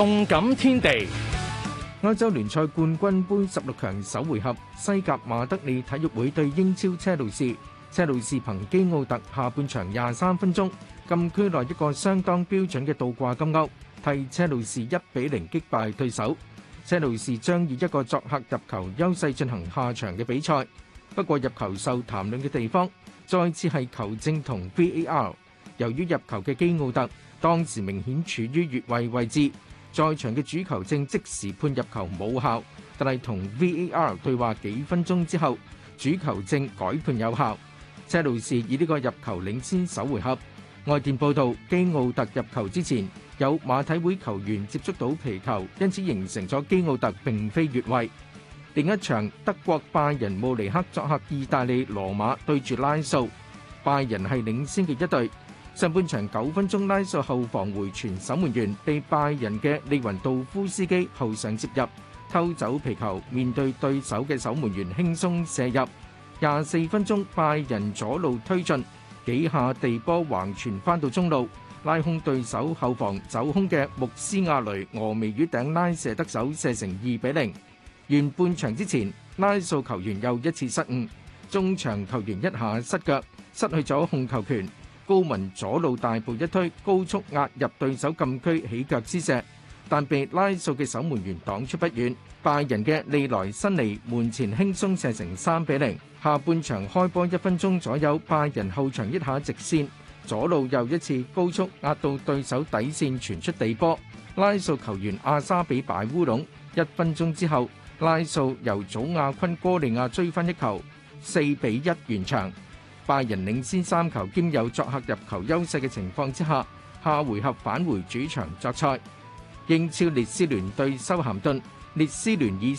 動感天地，歐洲聯賽冠軍盃十六強首回合，西甲馬德里體育會對英超車路士，車路士憑基奧特下半場廿三分鐘，禁區內一個相當標準嘅倒掛金鈎，替車路士一比零擊敗對手。車路士將以一個作客入球優勢進行下場嘅比賽，不過入球受談論嘅地方，再次係球證同 VAR。由於入球嘅基奧特當時明顯處於越位位置。在場嘅主球證即時判入球冇效，但係同 VAR 對話幾分鐘之後，主球證改判有效。車路士以呢個入球領先首回合。外電報道，基奧特入球之前有馬體會球員接觸到皮球，因此形成咗基奧特並非越位。另一場，德國拜仁慕尼黑作客意大利羅馬對住拉素，拜仁係領先嘅一隊。上半場九分鐘，拉素後防回傳守門員，被拜仁嘅利雲杜夫斯基後上接入，偷走皮球。面對對手嘅守門員，輕鬆射入。廿四分鐘，拜仁左路推進，幾下地波橫傳翻到中路，拉控對手後防走空嘅穆斯亞雷俄眉魚頂拉射得手，射成二比零。完半場之前，拉素球員又一次失誤，中場球員一下失腳，失去咗控球權。高文左路大步一推，高速壓入對手禁區起腳施射，但被拉素嘅守門員擋出不遠。拜仁嘅利萊辛尼門前輕鬆射成三比零。下半場開波一分鐘左右，拜仁後場一下直綫左路又一次高速壓到對手底綫，傳出地波，拉素球員阿沙比擺烏龍。一分鐘之後，拉素由祖亞昆哥利亞追翻一球，四比一完場。拜仁領先三球兼有作客入球優勢嘅情況之下，下回合返回主場作賽。英超列斯聯對修咸頓，列斯聯以